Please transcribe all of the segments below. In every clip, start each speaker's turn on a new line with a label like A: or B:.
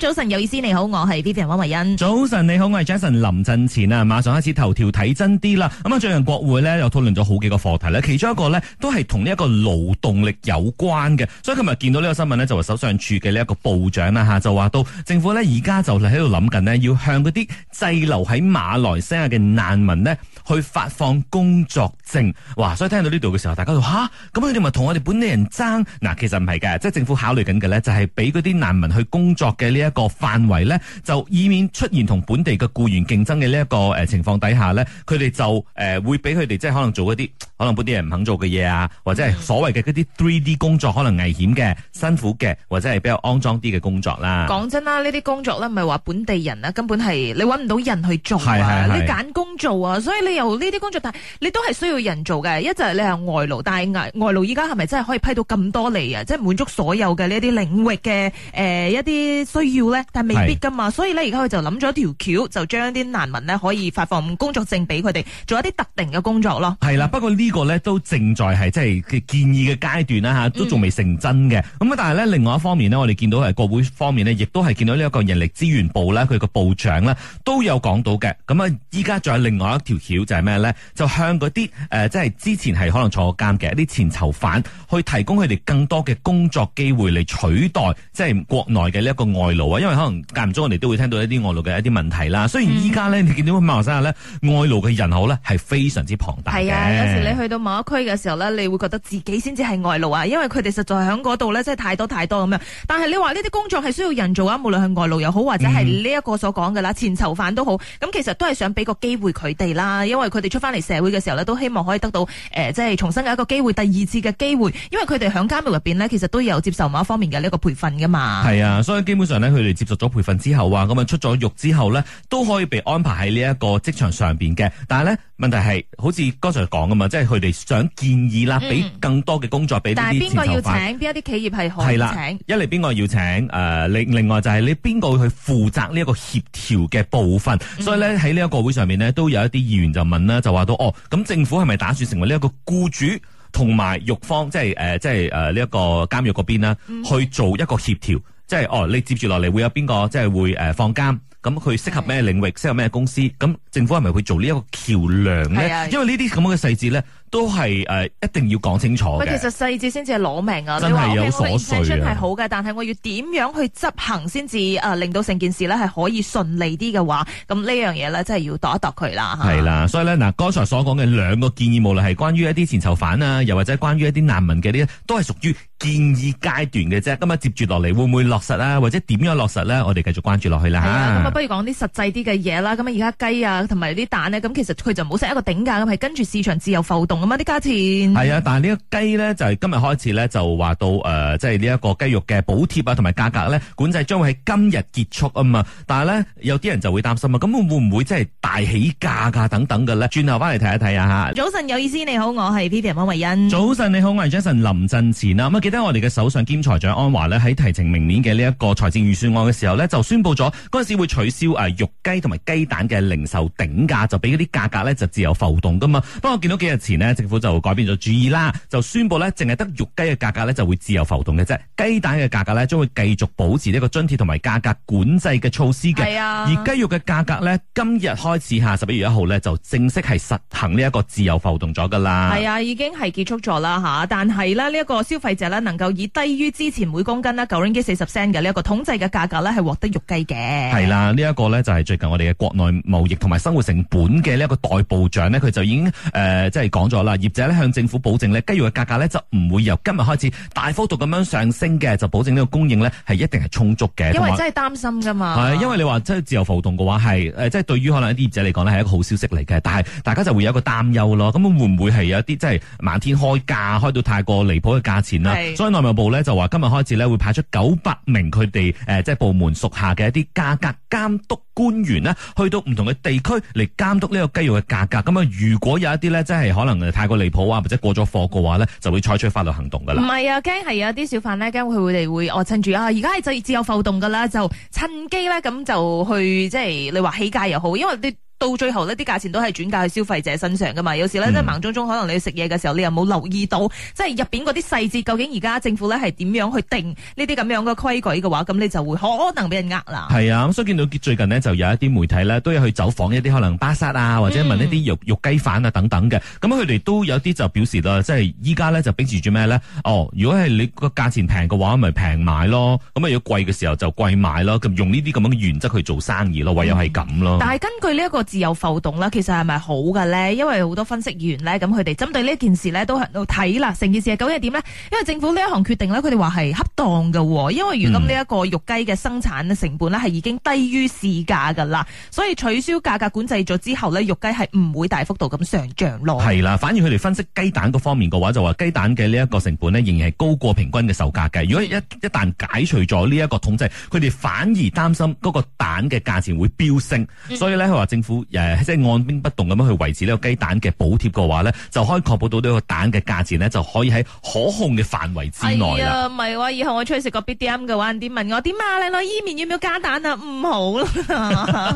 A: 早晨，有意思，你好，我係 Vivian 汪惠恩，
B: 早晨，你好，我係 Jason 林振前啊！馬上開始頭條睇真啲啦。咁啊，最近國會呢，又討論咗好幾個課題呢，其中一個呢，都係同呢一個勞動力有關嘅，所以琴日見到呢個新聞呢，就話，首相處嘅呢一個部長啦吓，啊，就話到政府呢，而家就喺度諗緊呢，要向嗰啲滯留喺馬來西亞嘅難民呢去發放工作證。哇！所以聽到呢度嘅時候，大家就吓咁，佢哋咪同我哋本地人爭嗱，啊？其實唔係嘅。即係政府考慮緊嘅呢，就係俾嗰啲難民去工作嘅呢。一個範圍咧，就以免出現同本地嘅僱員競爭嘅呢一個誒情況底下咧，佢哋就誒、呃、會俾佢哋即係可能做一啲可能本地人唔肯做嘅嘢啊，或者係所謂嘅嗰啲 three D 工作，可能危險嘅、辛苦嘅，或者係比較骯髒啲嘅工作啦。
A: 講真啦，呢啲工作咧唔係話本地人咧、啊、根本係你搵唔到人去做啊，是是是你揀工做啊，所以你由呢啲工作，但係你都係需要人做嘅，一就係你係外勞，但係外勞依家係咪真係可以批到咁多嚟啊？即係滿足所有嘅呢一啲領域嘅誒、呃、一啲需要。但未必噶嘛，是所以咧而家佢就諗咗條橋，就將啲難民呢可以發放工作證俾佢哋，做一啲特定嘅工作咯。係
B: 啦，不過呢個呢都正在係即係建議嘅階段啦，吓都仲未成真嘅。咁、嗯、但係呢，另外一方面呢，我哋見到係國會方面呢，亦都係見到呢一個人力資源部呢，佢個部長呢都有講到嘅。咁啊，依家仲有另外一條橋就係咩呢？就向嗰啲誒，即、呃、係之前係可能坐過監嘅一啲前囚犯，去提供佢哋更多嘅工作機會嚟取代，即、就、係、是、國內嘅呢一個外勞。因為可能間唔中，我哋都會聽到一啲外勞嘅一啲問題啦。雖然依家呢，嗯、你見到喺馬來西亞呢，外勞嘅人口呢係非常之龐大係啊，有時你
A: 去到某一區嘅時候呢，你會覺得自己先至係外勞啊，因為佢哋實在喺嗰度呢，真係太多太多咁樣。但係你話呢啲工作係需要人做啊，無論係外勞又好，或者係呢一個所講㗎啦，嗯、前囚犯都好，咁其實都係想俾個機會佢哋啦，因為佢哋出翻嚟社會嘅時候呢，都希望可以得到誒，即、呃、係、就是、重新嘅一個機會，第二次嘅機會，因為佢哋喺監獄入邊呢，其實都有接受某一方面嘅呢個培訓噶嘛。係
B: 啊，所以基本上呢。佢哋接受咗培訓之後啊，咁啊出咗獄之後咧，都可以被安排喺呢一個職場上邊嘅。但係咧，問題係好似剛才講噶嘛，即係佢哋想建議啦，俾更多嘅工作俾。嗯、但係邊個要請？邊一
A: 啲企業係好唔可請？
B: 一嚟邊個要請？誒、呃，另另外就係你邊個去負責呢一個協調嘅部分。嗯、所以咧喺呢一個會上面呢都有一啲議員就問啦，就話到哦，咁政府係咪打算成為呢一個僱主同埋獄方，即係誒、呃，即係誒呢一個監獄嗰邊啦，去做一個協調？即係哦，你接住落嚟會有邊個？即係會、呃、放監，咁佢適合咩領域？是的 適合咩公司？咁政府係咪會做呢一個橋梁咧？是的 因為呢啲咁嘅細節咧，都係誒、呃、一定要講清楚嘅。其實
A: 細節先至係攞命啊！真係有所碎。真係好嘅，但係我要點樣去執行先至誒令到成件事咧係可以順利啲嘅話，咁呢樣嘢咧真係要度一度佢啦。係
B: 啦，所以咧嗱、呃，剛才所講嘅兩個建議，無論係關於一啲前囚犯啊，又或者關關於一啲難民嘅呢，都係屬於。建議階段嘅啫，今日接住落嚟會唔會落實啊？或者點樣落實咧？我哋繼續關注落去啦。係啊，咁啊，不
A: 如講啲實際啲嘅嘢啦。咁啊，而家雞啊，同埋啲蛋咧，咁其實佢就冇設一個頂價咁，係跟住市場自由浮動咁啊啲價錢。係啊，
B: 但係呢個雞咧就係、是、今日開始咧就話到誒，即係呢一個雞肉嘅補貼啊同埋價格咧管制將會喺今日結束啊嘛。但係咧有啲人就會擔心啊，咁會唔會即係大起價啊等等嘅咧？轉頭翻嚟睇一睇啊嚇。
A: 早晨有意思，你好，我係 Vivian 方慧欣。早
B: 晨你好，我係 Jason 林振前啊。咁啊而家我哋嘅首相兼財長安華咧喺提呈明年嘅呢一個財政預算案嘅時候呢就宣佈咗嗰陣時會取消誒肉雞同埋雞蛋嘅零售頂價，就俾嗰啲價格呢就自由浮動噶嘛。不過見到幾日前呢，政府就改變咗主意啦，就宣佈呢淨係得肉雞嘅價格呢就會自由浮動嘅啫，雞蛋嘅價格呢將會繼續保持呢個津貼同埋價格管制嘅措施嘅。係啊，而雞肉嘅價格呢，今日開始吓十一月一號呢，就正式係實行呢一個自由浮動咗噶啦。係啊，
A: 已經係結束咗啦吓，但係呢一個消費者呢。能夠以低於之前每公斤九零幾四十 cent 嘅呢一個統計嘅價格咧，係獲得肉雞嘅。係
B: 啦，呢、這、一個咧就係最近我哋嘅國內貿易同埋生活成本嘅呢一個代部長咧，佢就已經誒即係講咗啦。業者咧向政府保證咧，雞肉嘅價格咧就唔會由今日開始大幅度咁樣上升嘅，就保證呢個供應咧係一定係充足嘅。因為真係
A: 擔心噶嘛。係，
B: 因為你話即係自由浮動嘅話，係誒即係對於可能一啲業者嚟講咧係一個好消息嚟嘅，但係大家就會有一個擔憂咯。咁會唔會係有啲即係漫天開價，開到太過離譜嘅價錢啊？所以內務部咧就話今日開始咧會派出九百名佢哋誒即係部門屬下嘅一啲價格監督官員呢，去到唔同嘅地區嚟監督呢個雞肉嘅價格。咁啊，如果有一啲咧即係可能太過離譜啊，或者過咗火嘅話咧，就會採取法律行動噶啦。
A: 唔係啊，驚係有啲小販咧驚佢會哋會哦趁住啊而家係自自由浮動噶啦，就趁機咧咁就去即係、就是、你話起價又好，因為你。到最後呢啲價錢都係轉嫁去消費者身上噶嘛。有時咧，即、嗯、盲中中，可能你食嘢嘅時候，你又冇留意到，即係入面嗰啲細節，究竟而家政府咧係點樣去定呢啲咁樣嘅規矩嘅話，咁你就會可能俾人呃啦。係
B: 啊，咁所以見到最近呢，就有一啲媒體呢，都有去走訪一啲可能巴剎啊，或者問一啲肉、嗯、肉雞飯啊等等嘅。咁佢哋都有啲就表示啦，即係依家呢，就秉持住咩呢？哦，如果係你個價錢平嘅話，咪平買咯；咁啊，如果貴嘅時候就貴買咯。咁用呢啲咁樣嘅原則去做生意咯，唯有係咁咯、嗯。但
A: 係根據呢一個自由浮動啦，其實係咪好嘅咧？因為好多分析員咧，咁佢哋針對呢件事咧，都喺度睇啦。成件事究竟係點咧？因為政府呢一項決定咧，佢哋話係恰當嘅，因為如今呢一個肉雞嘅生產成本咧，係已經低於市價噶啦。嗯、所以取消價格管制咗之後咧，肉雞係唔會大幅度咁上漲咯。
B: 係啦，反而佢哋分析雞蛋嗰方面嘅話，就話雞蛋嘅呢一個成本呢，仍然係高過平均嘅售價嘅。如果一一旦解除咗呢一個統制，佢哋反而擔心嗰個蛋嘅價錢會飆升。嗯、所以咧，佢話政府。誒，即係按兵不動咁樣去維持呢個雞蛋嘅補貼嘅話咧，就可以確保到呢個蛋嘅價錢呢，就可以喺可控嘅範圍之內啊，
A: 唔係喎，以後我出去食個 B D M 嘅話，啲問我點啊，靚女，伊麪要唔要加蛋啊？唔好啦，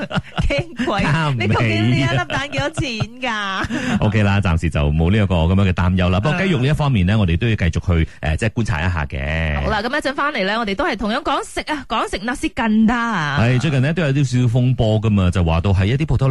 A: 驚鬼、 啊！啊、你究竟呢一粒蛋幾多錢㗎、啊、
B: ？OK 啦，暫時就冇呢一個咁樣嘅擔憂啦。不過雞肉呢一方面呢，我哋都要繼續去誒、呃，即係觀察一下嘅。好
A: 啦，咁一陣翻嚟咧，我哋都係同樣講食啊，講食那先更得啊。
B: 係、哎、最近呢，都有啲少少風波㗎嘛，就話到係一啲普通。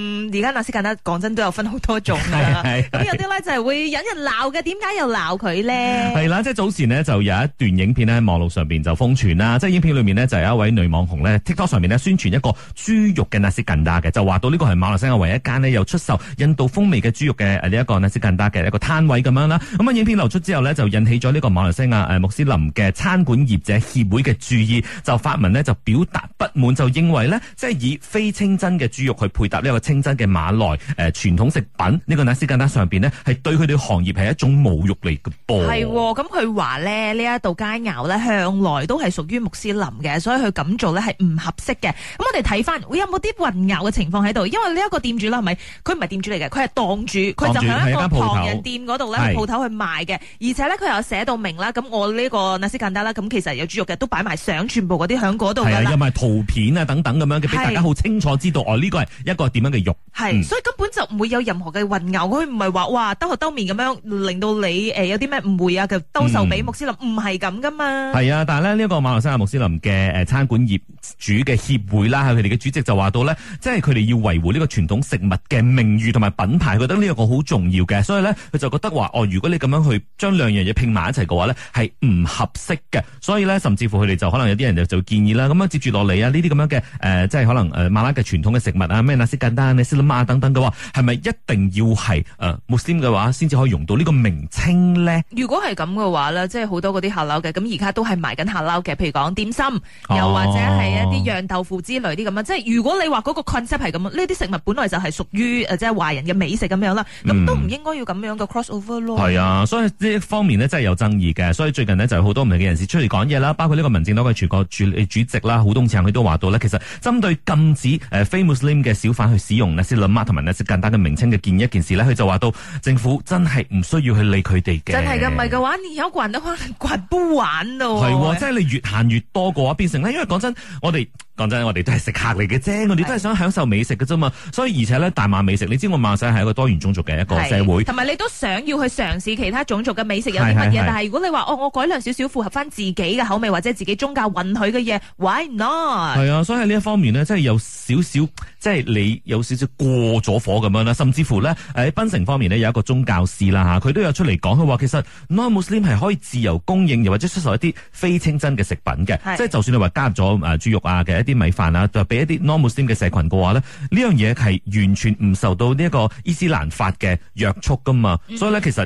A: 而家納斯肯達講真都有分好多種，咁 有啲咧就係、是、會引人鬧嘅，點
B: 解又鬧佢咧？係啦，即係早前呢就有一段影片咧喺網路上面就瘋傳啦，即係影片裏面呢就有一位女網紅咧，TikTok 上面咧宣傳一個豬肉嘅納斯肯達嘅，就話到呢個係馬來西亞唯一間呢有出售印度風味嘅豬肉嘅呢一個納斯肯達嘅一個攤位咁樣啦。咁啊影片流出之後呢，就引起咗呢個馬來西亞穆斯林嘅餐館業者協會嘅注意，就發文呢就表達不滿，就認為呢，即係以非清真嘅豬肉去配搭呢個清真。嘅馬來誒傳統食品呢、呢個那斯簡單上邊呢，係對佢哋行業係一種侮辱嚟嘅噃。係
A: 喎，咁佢話咧呢一道佳餚咧向來都係屬於穆斯林嘅，所以佢咁做咧係唔合適嘅。咁我哋睇翻會有冇啲混淆嘅情況喺度？因為呢一個店主啦，係咪佢唔係店主嚟嘅，佢係檔主，佢就喺一間唐人店嗰度咧鋪頭去賣嘅。而且咧佢又寫到明啦，咁我呢個那斯簡單啦，咁其實有豬肉嘅都擺埋相，全部嗰啲喺嗰度。係啊，有
B: 埋圖片啊等等咁樣嘅，俾大家好清楚知道，我呢個、哦呢個係一個點樣嘅肉。係，是嗯、所以
A: 根本就唔會有任何嘅混淆，佢唔係話哇兜口兜面咁樣，令到你誒、呃、有啲咩誤會啊，就兜售俾穆斯林，唔係咁噶嘛。係
B: 啊，但係咧呢、這個馬來西亞穆斯林嘅誒餐館業主嘅協會啦，係佢哋嘅主席就話到呢，即係佢哋要維護呢個傳統食物嘅名譽同埋品牌，覺得呢個好重要嘅，所以呢，佢就覺得話哦，如果你咁樣去將兩樣嘢拼埋一齊嘅話呢，係唔合適嘅，所以呢，甚至乎佢哋就可能有啲人就，就建議啦，咁樣接住落嚟啊呢啲咁樣嘅誒、呃，即係可能誒、呃、馬拉嘅傳統嘅食物啊咩那些簡單那等等嘅話，係咪一定要係誒穆斯林嘅話先至可以用到呢個名稱咧？
A: 如果係咁嘅話咧，即係好多嗰啲下樓嘅，咁而家都係埋緊下樓嘅，譬如講點心，哦、又或者係一啲釀豆腐之類啲咁樣。即係如果你話嗰個 concept 係咁，呢啲食物本來就係屬於誒即係華人嘅美食咁樣啦，咁、嗯、都唔應該要咁樣嘅 cross over 咯。係
B: 啊，所以呢方面咧真係有爭議嘅。所以最近呢，就係好多唔同嘅人士出嚟講嘢啦，包括呢個民政黨嘅全國主主席啦、胡冬祥，佢都話到咧，其實針對禁止誒非穆斯林嘅小販去使用呢。即係諗啊同埋呢一咧，即簡單嘅名稱嘅建議一件事咧，佢就話到政府真係唔需要去理佢哋嘅。真係嘅，
A: 唔係嘅話，你有人都可能怪不完咯、啊。係，即
B: 係你越行越多嘅話，變成咧，因為講真，我哋。講真我，我哋都係食客嚟嘅啫，我哋都係想享受美食嘅啫嘛。是所以而且咧，大馬美食，你知我馬來西亞係一個多元種族嘅一個社會，同
A: 埋你都想要去嘗試其他種族嘅美食有啲乜嘢？是是是，但係如果你話哦，我改良少少，符合翻自己嘅口味或者自己宗教允許嘅嘢，Why not？
B: 係啊，所以喺呢一方面呢，真係有少少，即係你有少少過咗火咁樣啦，甚至乎呢，喺檳城方面呢，有一個宗教師啦嚇，佢、啊、都有出嚟講，佢話其實 non-Muslim 係可以自由供應又或者出售一啲非清真嘅食品嘅，是即係就算你話加入咗誒、呃、豬肉啊嘅一啲。啲米飯啊，就俾一啲 non-Muslim 嘅社群嘅話咧，呢、嗯、樣嘢係完全唔受到呢一個伊斯蘭法嘅約束噶嘛，嗯、所以咧其實誒，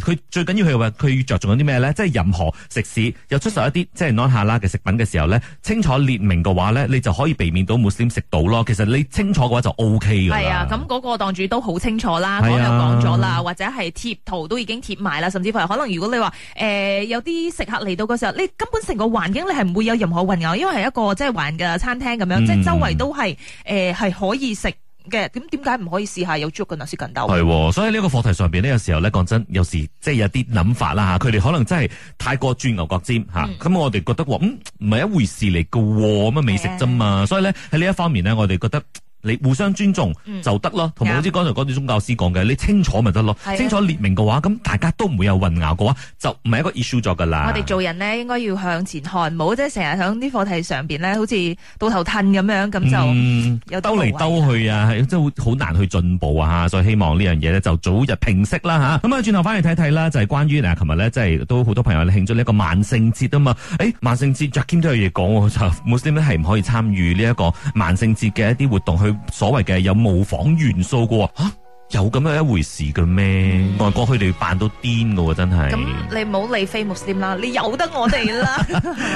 B: 佢、呃、最緊要係話佢着重有啲咩咧，即、就、係、是、任何食肆有出售一啲即係、就是、non-hala 嘅食品嘅時候咧，清楚列明嘅話咧，你就可以避免到 Muslim 食到咯。其實你清楚嘅話就 O K 噶啦。係啊，
A: 咁嗰個檔主都好清楚啦，講又講咗啦，或者係貼圖都已經貼埋啦，甚至乎可能如果你話誒、呃、有啲食客嚟到嘅時候，你根本成個環境你係唔會有任何混淆，因為係一個即係玩嘅。餐廳咁樣，即周圍都係誒係可以食嘅，咁點解唔可以試下有粥骨嗱，椒菌豆？係，
B: 所以呢個課題上面呢有時候咧，講真，有時即係有啲諗法啦嚇，佢哋可能真係太過鑽牛角尖嚇，咁、嗯、我哋覺得喎，唔係一回事嚟嘅咁樣美食啫嘛，的所以咧喺呢一方面咧，我哋覺得。你互相尊重就得咯，同埋、嗯、好似剛才嗰段宗教師講嘅，嗯、你清楚咪得咯？清楚列明嘅話，咁的大家都唔會有混淆嘅話，就唔係一個 issue 咗噶啦。我哋
A: 做人呢，應該要向前看，唔好即係成日響啲課題上邊呢，好似到頭褪咁樣，咁就有、嗯、
B: 兜嚟兜去啊，即係好難去進步啊。所以希望呢樣嘢呢，就早日平息啦吓。咁啊，轉頭翻嚟睇睇啦，就係、是、關於嗱，琴日呢，即係都好多朋友咧慶祝呢一個萬聖節啊嘛。誒、欸，萬聖節 JAKIM 都有嘢講、啊，就穆斯林咧係唔可以參與呢一個萬聖節嘅一啲活動去。所謂嘅有模仿元素噶喎吓。有咁樣一回事嘅咩？嗯、外國佢哋要扮到癲嘅喎，真係。咁你
A: 唔好理非穆斯林啦，你由得我哋啦。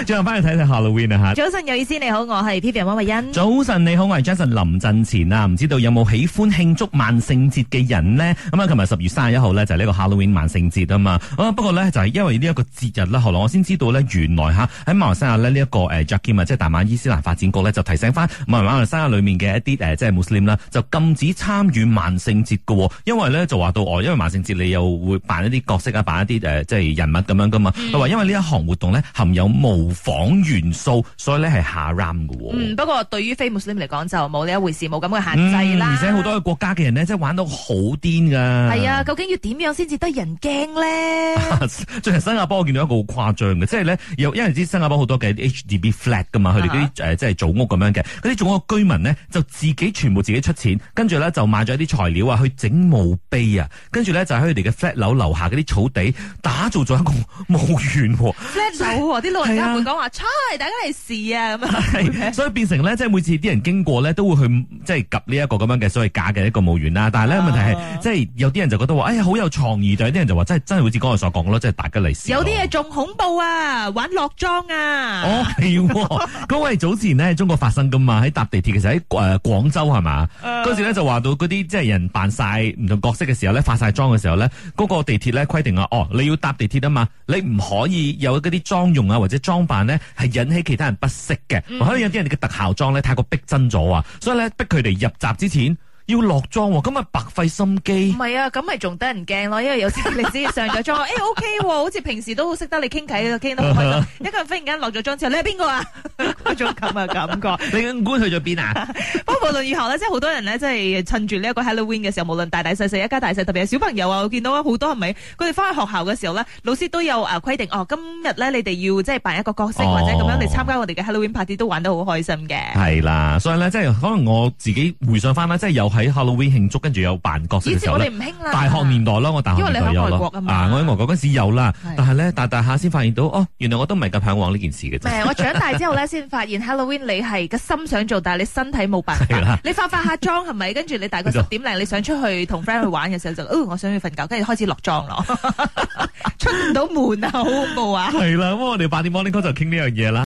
A: 最
B: 後翻去睇睇 Halloween 啊。早晨有意思，你好，我係 Peter 温慧欣。早晨你好，我係 Jason 林振前啊！唔知道有冇喜歡慶祝萬聖節嘅人呢？咁、嗯、啊，琴日十月三十一號呢，就係、是、呢個 Halloween 萬聖節啊嘛。不過呢，就係、是、因為呢一個節日啦，後來我先知道呢，原來嚇喺馬來西亞呢，呢一個誒 JAKIM 即係大馬伊斯蘭發展局呢，就提醒翻馬來馬來西亞裡面嘅一啲誒即係穆斯林啦，就是、lim, 就禁止參與萬聖節。因為咧就話到我，因為萬聖節你又會扮一啲角色啊，扮一啲誒、呃、即係人物咁樣㗎嘛。佢話、嗯、因為呢一行活動咧含有模仿元素，所以咧係 haram 㗎
A: 喎。嗯，不過對於非穆斯林嚟講就冇呢一回事，冇咁嘅限制啦、嗯。而且好多
B: 國家嘅人咧，即係玩到好癲噶。係啊，
A: 究竟要點樣先至得人驚咧？
B: 最近、啊、新加坡我見到一個好誇張嘅，即係咧因為知新加坡好多嘅 HDB flat 㗎嘛，佢哋啲即係祖屋咁樣嘅，嗰啲祖屋居民呢，就自己全部自己出錢，跟住咧就買咗一啲材料啊去。整墓碑啊，跟住咧就喺佢哋嘅 flat 樓樓下嗰啲草地打造咗一個墓園。flat 樓啲老人家會講話，出
A: 大家嚟試啊咁樣
B: 啊，所以變成咧即係每次啲人經過咧都會去即係及呢一個咁樣嘅所謂假嘅一個墓園啦。但係咧問題係即係有啲人就覺得話，哎呀好有創意，就有啲人就話真係真係好似剛才所講嘅咯，即係大家嚟試。有
A: 啲嘢仲恐怖啊，玩落莊啊。哦係，
B: 嗰位早前呢，中國發生噶嘛，喺搭地鐵其實喺誒廣州係嘛，嗰時咧就話到嗰啲即係人扮唔同角色嘅時候咧，化晒妝嘅時候咧，嗰、嗰個地鐵咧規定啊，哦，你要搭地鐵啊嘛，你唔可以有嗰啲妝容啊或者裝扮咧，係引起其他人不適嘅。可能、嗯、有啲人哋嘅特效妝咧太過逼真咗啊，所以咧逼佢哋入閘之前要落妝，咁啊白費心機。
A: 唔係啊，咁咪仲得人驚咯，因為有時你知上咗妝，誒，O K，好似平時都好識得你傾偈，傾得開， 一個人忽然間落咗妝之後，你係邊個啊？ 嗰種咁嘅感覺， 你根冠去咗邊啊？不過無論以後咧，即係好多人咧，即係趁住呢一個 Halloween 嘅時候，無論大大細細，一家大細，特別係小朋友啊，我見到啊好多係咪？佢哋翻去學校嘅時候咧，老師都有誒規定，哦，今日咧你哋要即係扮一個角色，oh。或者咁樣嚟參加我哋嘅 Halloween party，都玩得好開心嘅。
B: 係啦，所以咧即係可能我自己回想翻啦，即係又喺 Halloween 慶祝，跟住又扮角色。以前我哋唔
A: 興啦，大學年
B: 代咯，我大學年代因為你喺外國嘛啊，我喺外國嗰陣時有啦，的但係咧大大下先發現到，哦，原來我都唔係咁盼望呢件事嘅。誒，我長大之後咧
A: 先。 發現 Halloween 你係個心想做，但係你身體冇辦法，啦你化化下妝係咪？跟住你大概十點零，你想出去同 friend 去玩嘅時候就，哦，我想要瞓覺，跟住開始落妝咯，
B: 出唔到門
A: 啊，好恐怖啊！係
B: 啦，咁我哋八點 morning call 就傾呢樣嘢啦。